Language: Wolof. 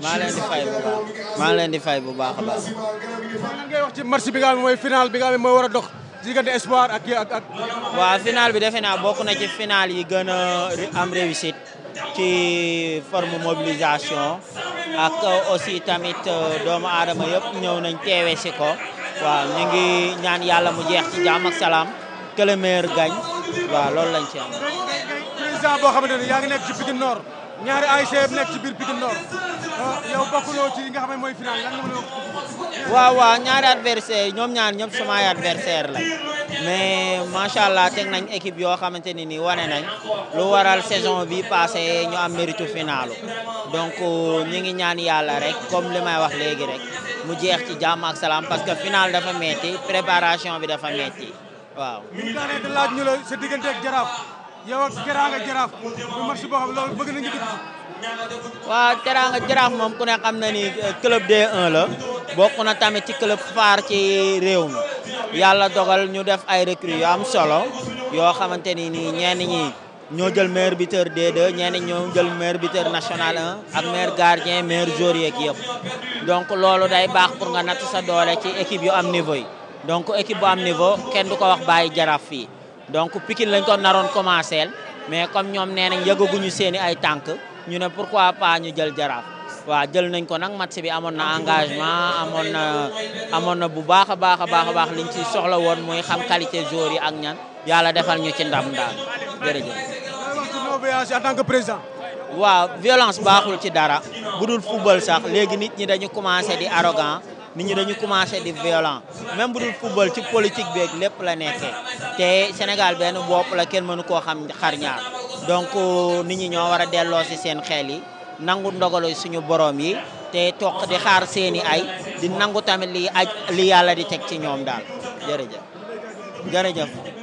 maa leen di fay bu baax maa leen di fay bu baax a baax. lan ngay wax ci match bi nga xam ne mooy final bi nga xam ne mooy war a dox diggante espoir ak ak ak. waaw final bi defe naa bokk na ci final yi gën a am réussite ci forme mobilisation ak euh, aussi tamit euh, doomu aadama yëpp ñëw nañ teewe si ko. waaw ñu ngi ñaan yàlla mu jeex ci jàmm ak salaam que le meilleur gagne waaw loolu lañ ci am. président boo xamante ne yaa ngi nekk ci Pikine Nord. ñaari ASC yëpp nekk ci biir Pikine Nord ah, yow bokkuloo ci li nga mooy final lan ñaari adversaire ñoom ñaan ñëpp sama ay adversaire la mais macha allah teg nañ équipe yoo xamante ni nii wane nañ lu waral saison bi passé ñu am méritu finalu donc ñu ngi ñaan yàlla rek comme li may wax léegi rek mu jeex ci jàmm ak salaam parce que final dafa metti préparation bi dafa metti waaw. yow ak teraanga jaraaf bu match boo xam loolu bëgg nañu dugg. waaw teraanga jaraaf moom ku ne xam na ni euh, club D1 la bokk na tamit ci club phare ci réew mi yàlla dogal ñu def ay recrues yu am solo yoo xamante ni nii ñenn ñi ñoo jël meer buteur D2 ñenn ñi ñoo jël meilleur buteur national 1 ak meilleur gardien meilleur joueur yeeg yëpp. donc loolu day baax pour nga natt sa doole ci équipe yu am niveau yi donc équipe bu am niveau kenn du ko wax bàyyi jaraaf fii. donc Pikine lañ ko naroon commencé mais comme ñoom nee nañ yëgaguñu seeni ay tànk ñu ne pourquoi paa ñu jël jaraaf. waaw jël nañ ko nag match bi amoon na engagement amoon na amoon na bu baax a baax a baax a baax liñ ci soxla woon muy xam qualité joueurs yi ak ñan yàlla defal ñu ci ndam daal jërëjëf. en tant que président. waaw violence baaxul ci dara bu dul football sax léegi nit ñi dañu commencé di arrogant nit ñi dañu commencé di violent même bu dul football ci politique beeg lépp la nekkee te Sénégal benn bopp la kenn mënu koo xam xar ñaar donc euh, nit ñi ñoo war a delloo si seen xel yi nangu ndogalu suñu borom yi te toog di xaar seeni ay di nangu tamit li aj li yàlla di teg ci ñoom daal jërëjëf jërëjëf